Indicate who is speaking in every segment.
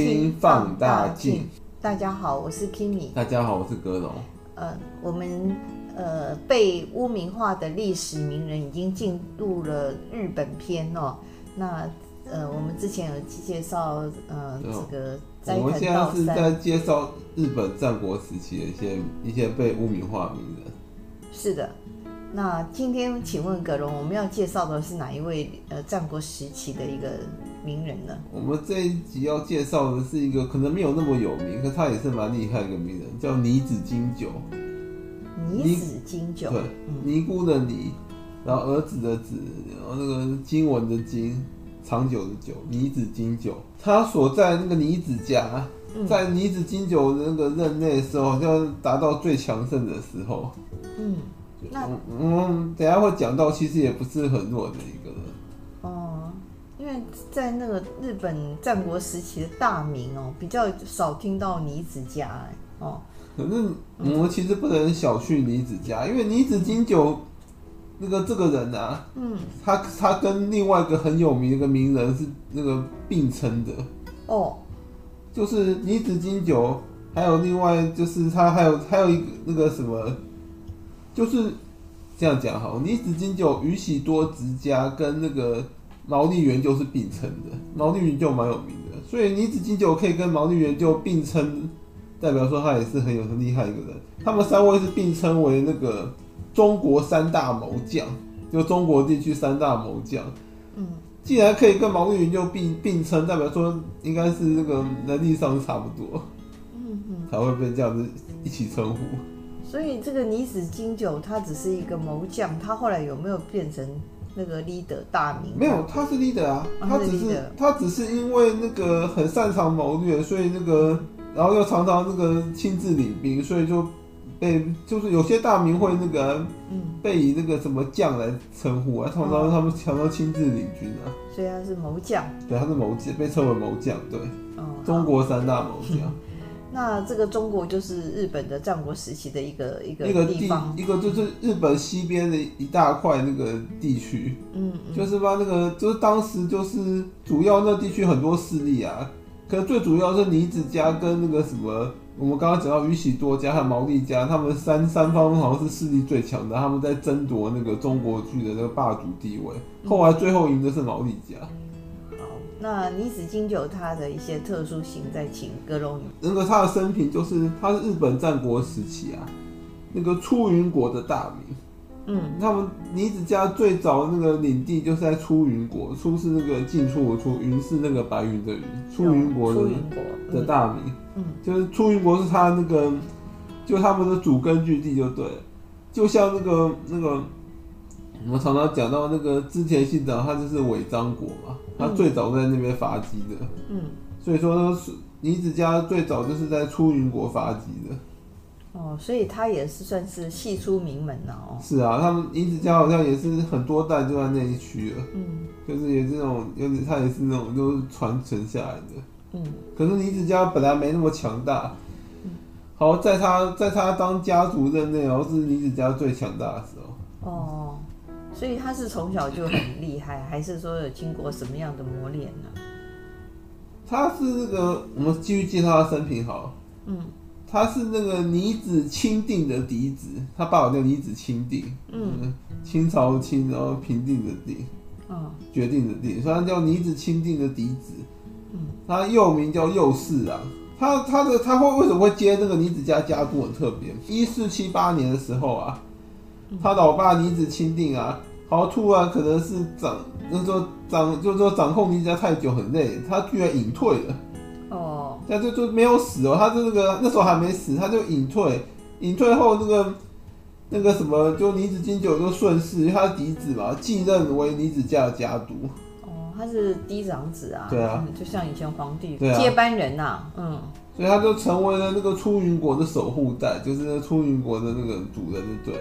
Speaker 1: 新放大鏡，
Speaker 2: 大，大家好，我是 Kimi。
Speaker 1: 大家好，我是格龍。呃，
Speaker 2: 我們呃被污名化，的歷史名人已經進入了日本篇哦、喔。那呃，我們之前有介紹呃、嗯、這個，我們現在是在
Speaker 1: 介紹日本戰國時期的一些一些被污名化的名人。
Speaker 2: 是的，那今天請問葛隆，我們要介紹的是哪一位呃戰國時期的一個？名人
Speaker 1: 呢？我們這一集要介紹的是一個可能沒有那麼有名，可他也是蠻厲害一個名人，叫尼子經久。
Speaker 3: 尼子經久。對，
Speaker 1: 尼姑、嗯、的尼，然後兒子的子，然後那個經文的經，長久的久，尼子經久。他所在那個尼子家，在尼子經久的那個任內的時候，好像達到最強盛的時候。嗯，嗯，等下會講到，其實也不是很弱的一個。
Speaker 2: 因為在那個日本戰國時期的大名哦、喔，比較少聽到尼子家哎
Speaker 1: 哦。可是我們其實不能小覷尼子家，嗯、因為尼子經久那個這個人啊，嗯，他他跟另外一個很有名的一個名人是那個並稱的哦，就是尼子經久，還有另外就是他還有還有一個那個什麼，就是這樣講哈，尼子經久、宇喜多直家跟那個。毛利元就是並稱的，毛利元就蠻有名的，所以尼子經久可以跟毛利元就並稱，代表說他也是很有很厲害一個人。他們三位是並稱為那個中國三大謀將，就中國地區三大謀將。嗯，既然可以跟毛利元就並並稱，代表說應該是這個能力上是差不多，嗯,嗯才會被這樣子一起稱呼。
Speaker 2: 所以這個尼子經久他只是一個謀將，他後來有沒有變成？那個 leader 大名沒
Speaker 1: 有，他是 leader 啊，啊他只是，是 leader? 他只是因為那個很擅長謀略，所以那個然後又常常那個親自領兵，所以就被就是有些大名會那個嗯被以那個什麼將來稱呼啊，嗯、通常常他們常常親自領軍啊，所以他是謀將，對，他是謀將，被稱為謀將，對，哦、中國三大謀將。哦
Speaker 2: 那這個中國就是日本的戰國時期的一個一個地
Speaker 1: 方個地，一個就是日本西邊的一大塊那個地區。嗯，嗯，就是把那個就是當時就是主要那地區很多勢力啊，可是最主要是尼子家跟那個什麼，我們剛剛講到宇喜多家和毛利家，他們三三方好像是勢力最強的，他們在爭奪那個中國劇的那個霸主地位，後來最後贏的是毛利家。嗯，嗯。
Speaker 2: 那尼子經久他的一些特殊性在
Speaker 1: 情歌隆裡，那個他的生平就是他是日本戰國時期啊，那個出雲國的大名，嗯，他們尼子家最早的那個領地就是在出雲國，出是那個進出的出，雲是那個白雲的雲，嗯、出雲國的出雲國、嗯、的大名，嗯，就是出雲國是他那個，就他們的主根據地就對了，就像那個那個，我們常常講到那個織田信長他就是尾張國嘛。他最早在那邊發跡的嗯，嗯，所以說呢，是尼子家最早就是在出雲國發跡的，
Speaker 2: 哦，所以他也是算是系出名門了哦。
Speaker 1: 是啊，他們尼子家好像也是很多代就在那一區了，嗯，就是有這種，有點，他也是那種就是傳承下來的，嗯。可是尼子家本來沒那麼強大，嗯，好在他在他當家族任內，然後是尼子家最強大的時候，哦。
Speaker 2: 所以他是從小就很厲害，還是說有經過什麼樣的磨練呢？
Speaker 1: 他是那個，我們繼續介紹他生平好。嗯，他是那個尼子清定的嫡子，他爸爸叫尼子清定。嗯，嗯，清朝的清，然後平定的定，嗯、哦，決定的定，所以他叫尼子清定的嫡子。嗯，他幼名叫幼世啊，他他的他會為什麼會接這個尼子家家督很特別？一四七八年的時候啊，他老爸尼子清定啊，然後突然可能是掌，那時候掌，就是說，就是說掌控尼子家太久很累，他居然隱退了。哦，他就就沒有死哦，他就那個那時候還沒死，他就隱退。隱退後那個那個什麼，就尼子經久就順勢，因為他是嫡子嘛，繼任為尼子家的家督。
Speaker 2: 哦，他是嫡長子啊。對啊。就像以前皇帝、啊、接班人吶、啊，嗯。
Speaker 1: 所以他就成為了那個出雲國的守護代，就是出雲國的那個主人，對。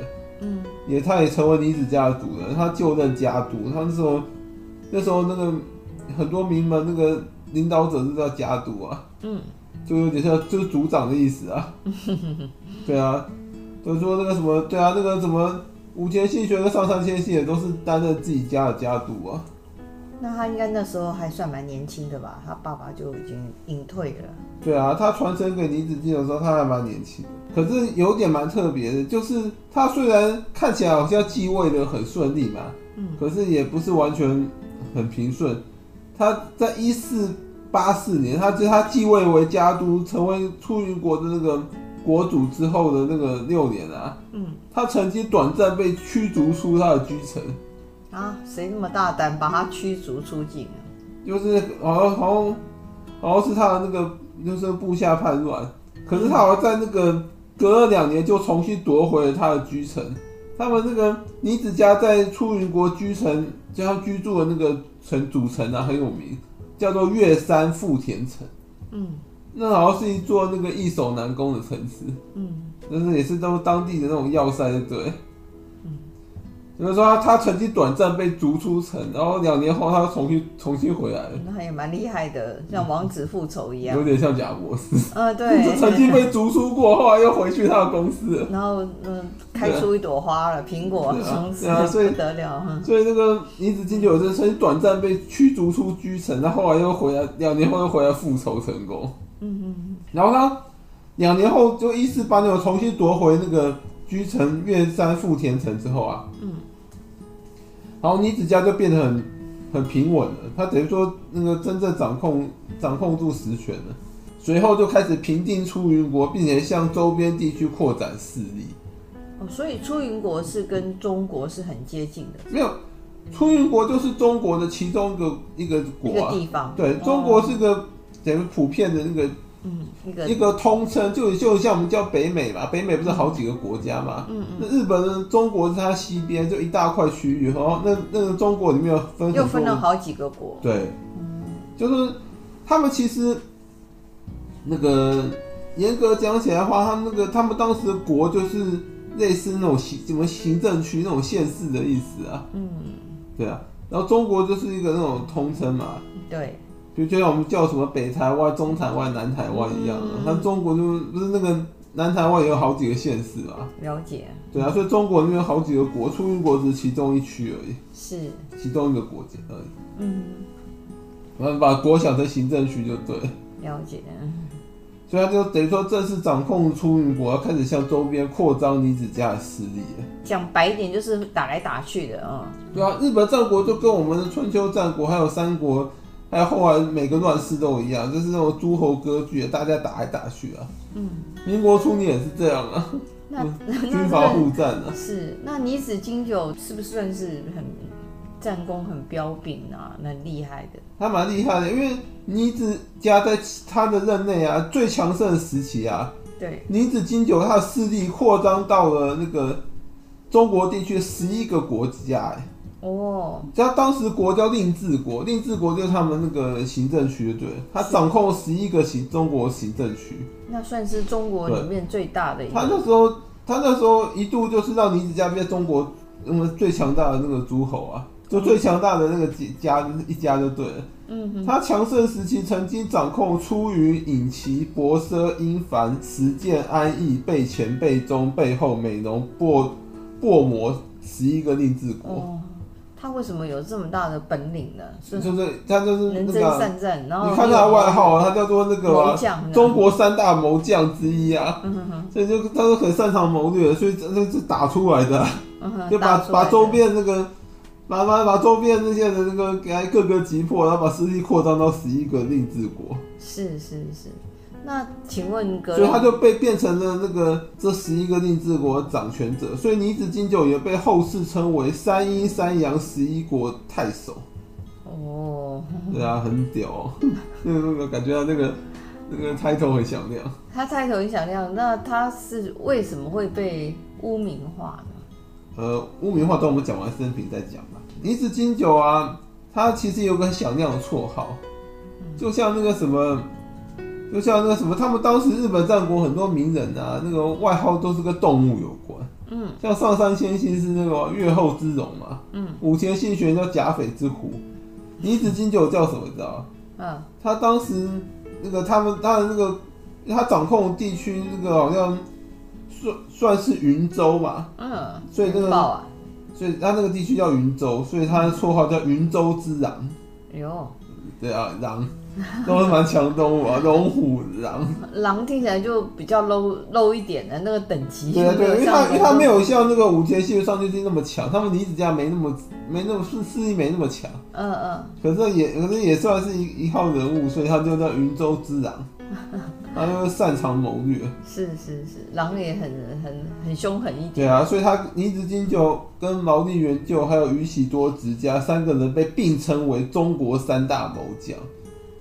Speaker 1: 嗯，也，他也成為尼子家族了。他就任家督，他那時候那時候那個很多名門那個領導者是叫家督啊，嗯，就有點像就是族長的意思啊。 對啊，就說那個什麼，對啊，那個什麼武田信玄跟上杉謙信也都是擔任自己家的家督啊。
Speaker 2: 那他應該那時候還算蠻年輕的吧，他爸爸就已經隱
Speaker 3: 退了。
Speaker 1: 對啊，他傳承給尼子經久的時候他還蠻年輕的。可是有點蠻特別的，就是他雖然看起來好像繼位的很順利嘛，嗯，可是也不是完全很平順。他在一四八四年，他就他繼位為家督，成為出雲國的那個國主之後的那個六年啊，嗯，他曾經短暫被驅逐出他的居城。
Speaker 2: 啊，誰那麼大膽把他驅逐出境
Speaker 1: 啊？就是好像好像好像是他的那個，就是部下叛亂。可是他好像在那個隔了兩年就重新奪回了他的居城。嗯，他們那個尼子家在出雲國居城，叫他居住的那個城主城啊，很有名，叫做月山富田城。嗯，那好像是一座那個易守難攻的城市。嗯，但是也是都當地的那種要塞對，對。比如說他，他曾經短暫被逐出城，然後兩年後他又重新重新回來了，嗯。那
Speaker 2: 也蠻厲害的，像王子復仇一樣，有點像賈伯斯。嗯，對，曾
Speaker 1: 經 被逐出過，後來又回去他的公司。然後嗯，
Speaker 2: 開出一朵花了，對蘋果對啊，
Speaker 1: 對啊，所以不得了哈。所以那個尼子經久就有這曾經短暫被驅逐出居城，然後後來又回來，兩年後又回來復仇成功。嗯嗯哼然後他兩年後就一四八六重新奪回那個居城月山富田城之後啊，嗯。然後尼子家就變得很，很平穩了。他等於說那個真正掌控掌控住實權了。隨後就開始平定出雲國，並且向周邊地區擴展勢力。
Speaker 2: 哦，所以出雲國是跟中國是很接近的。嗯、
Speaker 1: 沒有，出雲國就是中國的其中一個一個國、啊，一個地方。對，中國是個、哦、等於普遍的那個。嗯，那個、一個通稱就就像我們叫北美嘛，北美不是好幾個國家嘛？嗯嗯。嗯，那日本，中國是它西邊就一大塊區域，然後那那個中國裡面有分又分了好幾個國，對，嗯、就是他們其實那個嚴格講起來的話，他們那個他們當時的國就是類似那種行什麼行政區那種縣市的意思啊。嗯，對啊。然後中國就是一個那種通稱嘛。對。就就像我們叫什麼北台灣、中台灣、南台灣一樣的，那、嗯嗯嗯、中國就不是那個南台灣也有好幾個縣市啊。了解。對啊，所以中國那邊好幾個國，出雲國只是其中一區而已。是。其中一個國家而已。嗯。我們把國想成行政區就對了。了解。所以他就等於說，正式掌控出雲國，開始向周邊擴張尼子家的實力。
Speaker 2: 講白一點，就是打來打去的
Speaker 1: 啊。對啊，日本戰國就跟我們的春秋戰國還有三國。哎，後來每個亂世都一樣，就是那種諸侯割據，大家打來打去啊。嗯，民國初年也是這樣啊。那、
Speaker 3: 這個、
Speaker 1: 軍閥互戰啊。是，
Speaker 2: 那尼子經久是不是算是很戰功很彪炳啊？很厲害的。
Speaker 1: 他蠻厲害的，因為尼子家在他的任內啊，最強盛的時期啊，對，尼子經久他的勢力擴張到了那個中國地區十一個國家、欸。哦，像、oh. 當時國叫令制國，令制國就是他們那個行政區的，對，他掌控十一個行中國行政區，那
Speaker 2: 算是中國裡面最大的一個。他那時
Speaker 1: 候，他那時候一度就是讓尼子家變中國那麼、嗯、最強大的那個諸侯啊，就最強大的那個幾、嗯、哼家一家就對了。嗯哼，他強盛時期曾經掌控出雲隱岐伯耆因幡石見安藝，備前備中備後美濃播播磨十一個令制國。Oh.
Speaker 2: 他為什麼有這麼大的本領呢？就
Speaker 1: 是他就是那個，能征善戰，
Speaker 2: 然後你看他外
Speaker 1: 號啊，他叫做那個、啊、中國三大謀將之一啊，
Speaker 3: 嗯、
Speaker 1: 哼哼所以就他是很擅長謀略的，所以真是打出來的，嗯、哼就把把周邊那個把把把周邊那些的那個給他各個擊破，然後把勢力擴張到十一個令制國，
Speaker 2: 是是是。那請問哥，所以他就
Speaker 1: 被變成了那個這十一個令制國的掌權者，所以尼子經久也被後世稱為“山陰山陽十一國太守”。哦，對啊，很屌！哦 那個，那個那個感覺到那個那個 title 很響亮。
Speaker 2: 他 title 很響亮，那他是為什麼會被污名化呢？
Speaker 1: 呃，污名化等我們講完生平再講吧。尼子經久啊，他其實有個響亮的綽號，就像那個什麼。就像那個什麼，他們當時日本戰國很多名人啊，那個外號都是跟動物有關。嗯，像上杉謙信是那個越、啊、後之龍嘛。嗯，武田信玄叫甲斐之狐，尼子經久叫什麼你知道嗯，啊、他當時那個他們他的那個他掌控地區那個好像算算是雲州吧。嗯、
Speaker 3: 啊，所以那個、啊、
Speaker 1: 所以他那個地區叫雲州，所以他的綽號叫雲州之狼。哎
Speaker 2: 呦，
Speaker 1: 對啊，狼。都是蠻強的動物，啊，龍虎狼
Speaker 2: 狼聽起來就比較 low low 一點的、啊、那個等級。對啊，對，因為他因
Speaker 1: 為，他因為他沒有像那個武田信玄、上杉謙那麼強，嗯、他們尼子家沒那麼沒那麼勢力，沒那麼強、
Speaker 3: 嗯。嗯
Speaker 1: 嗯。可是也可是也算是一一號人物，所以他就叫雲州之狼，他就是擅長謀略。
Speaker 2: 是是是，狼也很很很兇狠
Speaker 3: 一
Speaker 1: 點。對啊，所以他尼子經久跟毛利元就還有宇喜多直家三個人被並稱為中國三大謀將。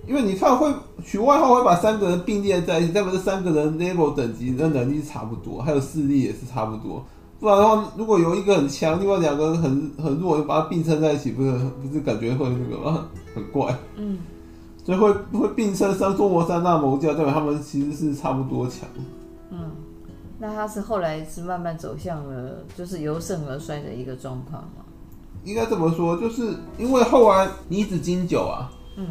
Speaker 1: 因為你看，會取外號，會把三個人並列在一起，代表這三個人 level 等級、那能力差不多，還有勢力也是差不多。不然的話，如果有一個很強，另外兩個很很弱，就把它並稱在一起，不是不是感覺會那個嗎？很很怪。嗯，所以會會並稱三，中國三大謀將，代表他們其實是差不多強。嗯，
Speaker 2: 那他是後來是慢慢走向了，就是由盛而衰的一個狀況嗎？
Speaker 1: 應該怎麼說？就是因為後來尼子經久啊，嗯。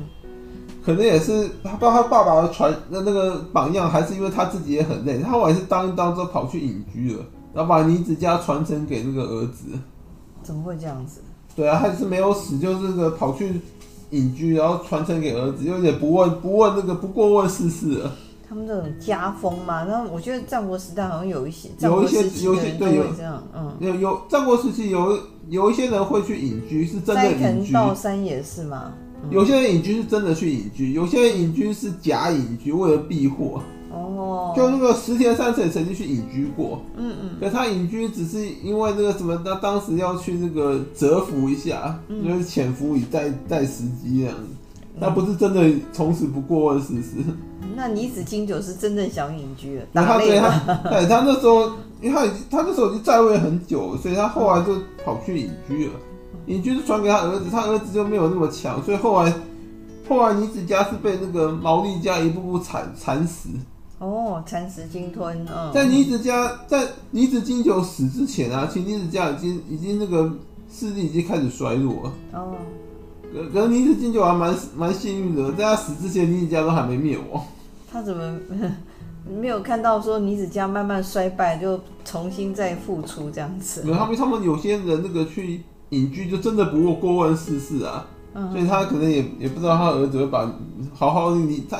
Speaker 1: 可能也是他爸他爸爸的傳那那個榜樣，還是因為他自己也很累，他後來是當一當就跑去隱居了，然後把尼子家傳承給那個兒子。
Speaker 2: 怎麼會這樣子？
Speaker 1: 對啊，他只是沒有死，就是這個跑去隱居，然後傳承給兒子，又也不問不問那個不過問世事。
Speaker 2: 他們這種家風嘛，然後我覺得戰國時代好像有一些戰國時期對有這樣，
Speaker 1: 嗯，有有,有,有戰國時期有有一些人會去隱居，是真的隱居。齋藤道
Speaker 2: 三也是嗎？有
Speaker 1: 些人隱居是真的去隱居，有些人隱居是假隱居，為了避禍。哦，oh. 就那個石田三成曾經去隱居過，嗯嗯、mm，hmm. 可他隱居只是因為那個什麼，他當時要去那個蟄伏一下，就是潛伏以待待時機那樣，但不是真的從此不過問世事。
Speaker 2: 那尼子經久是真正想隱居了，打累他，他， 對他那時候，
Speaker 1: 因為他已經他那時候已經在位很久，所以他後來就跑去隱居了。也就是傳給他兒子，他兒子就沒有那麼強，所以後來後來尼子家是被那個毛利家一步步蠶蠶食。
Speaker 2: 哦，蠶食鯨吞。哦，在尼
Speaker 1: 子家在尼子經久死之前啊，其實尼子家已經已經那個勢力已經開始衰落
Speaker 3: 了。
Speaker 1: 哦。可可是尼子經久還蠻蠻幸運的，在他死之前尼子家都還沒滅亡，
Speaker 2: 他怎麼沒有看到說尼子家慢慢衰敗就重新再復出這樣子？有他
Speaker 1: 們他們有些人那個去。隱居就真的不過過問世事啊，所以他可能也也不知道他兒子會把好好的尼他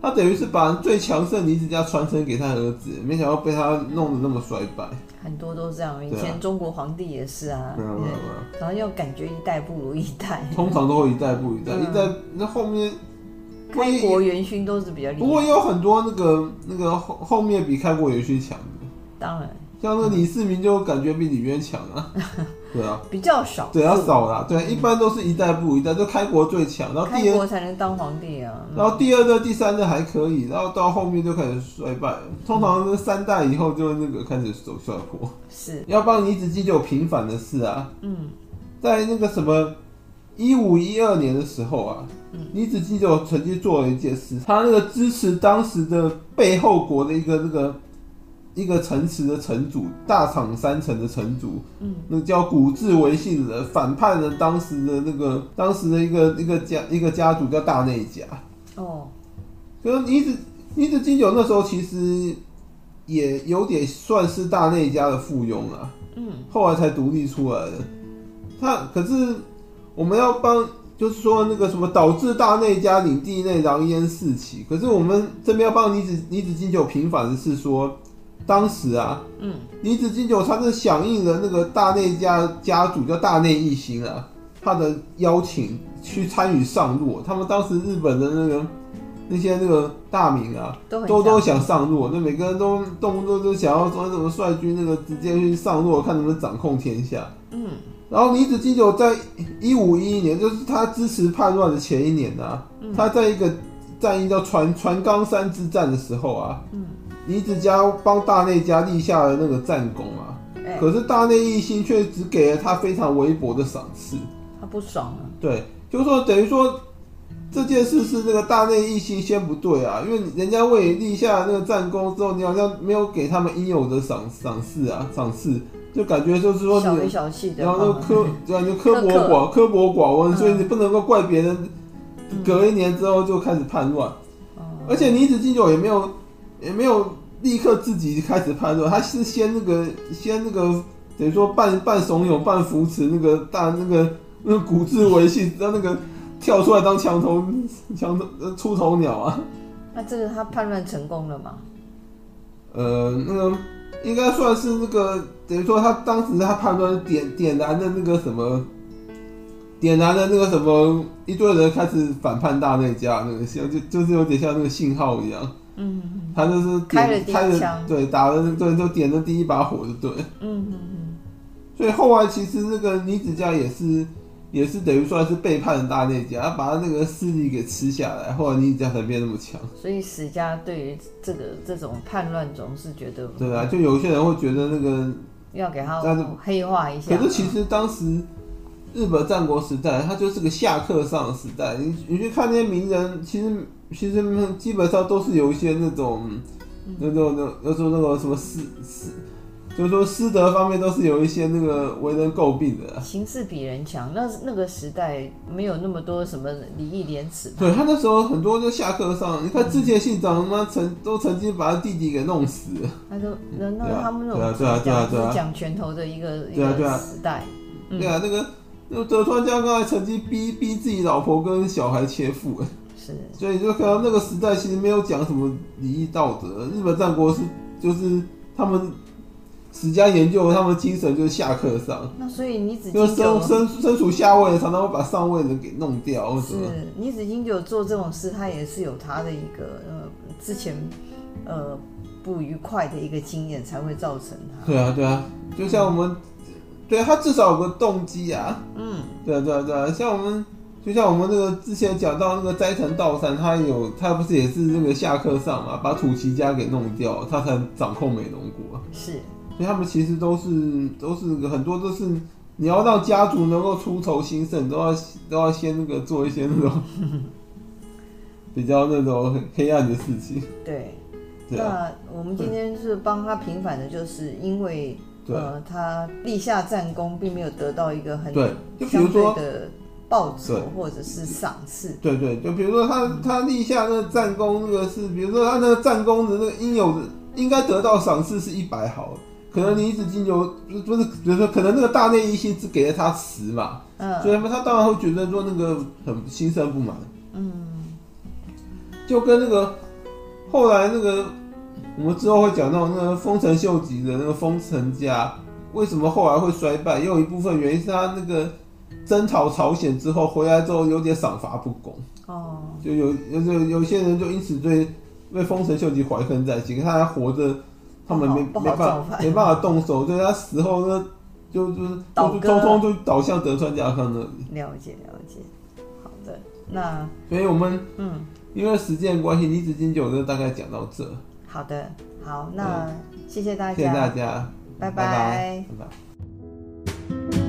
Speaker 1: 他等於是把最強盛的尼子家傳承給他兒子，沒想到被他弄得那麼衰敗。
Speaker 2: 很多都是這樣，以前中國皇帝也是啊。對啊，對啊。然後又感覺一代不如一代。
Speaker 1: 通常都會一代不如一代，一代
Speaker 2: 那後面開國元勳都是比較厲害，不過也有
Speaker 1: 很多那個那個後後面比開國元勳強的。當然，像那李世民就感覺比李淵強啊。對啊，比較少，對啊，是要少啦，對，嗯、一般都是一代不如一代，就開國最強，然後第二開國
Speaker 2: 才能當
Speaker 1: 皇帝啊。嗯、然後第二個第三個還可以，然後到後面就開始衰敗。通常三代以後就那個開始走下坡。嗯、是，要不然尼子經久就有平反的事啊。嗯，在那個什麼一五一二年的時候啊，尼子經久就曾經做了一件事，他那個支持當時的背後國的一個這、那個。一個城池的城主，大廠三層的城主，嗯，那叫吉志為信人反叛了當時的那個當時的一個一個家一個家族叫大內家，哦，所以尼子尼子經久那時候其實也有點算是大內家的附庸啊，嗯，後來才獨立出來的。他可是我們要幫，就是說那個什麼導致大內家領地內狼煙四起，可是我們這邊要幫尼子尼子經久平反的是說。當時啊，嗯，尼子經久他是響應了那個大內家家主叫大內義興啊，他的邀請去參與上洛。他們當時日本的那個那些那個大名啊，都，都都想上洛，那、嗯、每個人都都都就想要說怎麼率軍那個直接去上洛，看能不能掌控天下。嗯，然後尼子經久在一五一一年，就是他支持叛亂的前一年啊，嗯、他在一個戰役叫船船岡山之戰的時候啊，嗯。尼子家幫大內家立下了那個戰功啊，欸、可是大內義興卻只給了他非常微薄的賞賜，他不爽啊。對，就是說等於說，這件事是那個大內義興先不對啊，因為人家為立下那個戰功之後，你好像沒有給他們應有的賞賞賜啊，賞賜就感覺就是說你小氣，然後苛，就感覺苛薄寡苛薄 寡恩，苛薄寡恩，所以你不能夠怪別人。隔一年之後就開始叛亂，嗯，而且尼子經久也沒有。也沒有立刻自己開始叛亂，他是先那個先那個等於說半半慫恿、半扶持那個大那個那個吉志為信，讓那個跳出來當牆頭牆頭出頭鳥啊。
Speaker 2: 那這個他叛亂成功了嗎？
Speaker 1: 呃，那個應該算是那個等於說他當時他叛亂點點燃的那個什麼點燃的那個什麼一堆人開始反叛大內家，那個像就就是有點像那個信號一樣。嗯，他就是點開了槍，對，打了，盾，就點了第一把火，的盾，
Speaker 3: 嗯。
Speaker 1: 嗯嗯嗯，所以後來其實那個尼子家也是，也是等於說是背叛的大內家，他把他那個勢力給吃下來，後來尼子家才變那麼強。所
Speaker 2: 以史家對於這個這種叛亂總是覺得，對
Speaker 1: 啊，就有些人會覺得那個要給他黑化一下。可是其實當時日本戰國時代，他就是個下克上的時代，你你去看那些名人，其實。其實基本上都是有一些那種，嗯、那種那那種那種什麼師師，就是說私德方面都是有一些那個為人詬病的、啊。
Speaker 2: 形勢比人強，那那個時代沒有那麼多什麼禮義廉恥。對他
Speaker 1: 那時候很多就下課上，你看之前信長、嗯、他媽曾都曾經把他弟弟給弄死。他說：“人那，那他們那種講講拳頭的一個、啊啊、一個時代。嗯”對啊，那個那個德川家康還曾經逼逼自己老婆跟小孩切腹。是所以就可能那個時代其實沒有講什麼禮義道德，日本戰國是就是他們史家研究，他們精神就是下克上。
Speaker 2: 那所以尼子經久就身身
Speaker 1: 身處下位，常常會把上位人給弄掉，是。
Speaker 2: 尼子經久做這種事，他也是有他的一個
Speaker 1: 呃之前呃不愉快的一個經驗才會造成他。對啊對啊，就像我們，嗯、對啊，他至少有個動機啊。嗯對啊，對啊對啊對啊，像我們。就像我們那個之前講到那個齋藤道三，他有他不是也是那個下克上嘛，把土岐家給弄掉，他才掌控美濃國。是，所以他們其實都是都是很多都是你要讓家族能夠出頭興盛，都要都要先那個做一些那種呵呵比較那種很黑暗的事情。對，樣那
Speaker 2: 我們今天是幫他平反的，就是因為對呃他立下戰功，並沒有得到一個很對，就比如說的。報酬或者
Speaker 1: 是賞賜。對，對對，對，就比如說他他立下那個戰功，那個是比如說他那個戰功的那個應有的應該得到賞賜是一百毫，可能你一直金由不是，比如說可能那個大內義興只給了他十嘛，嗯，所以他當然會覺得說那個很心生不滿，嗯，就跟那個後來那個我們之後會講到那個豐臣秀吉的那個豐臣家為什麼後來會衰敗，也有一部分原因是他那個。征討朝鮮之後回來之後有點賞罰不公哦，就有有有些人就因此對對豐臣秀吉懷恨在心，他還活着，他們沒沒辦法沒辦法動手，對他死後呢，就就是就就就倒向德川家康了。了解，
Speaker 2: 了解，好的，
Speaker 1: 那所以我們嗯，因為時間關係，尼子經久就大概講到這。
Speaker 2: 好的，好，那謝謝大家，謝謝大家，
Speaker 1: 拜拜，拜拜。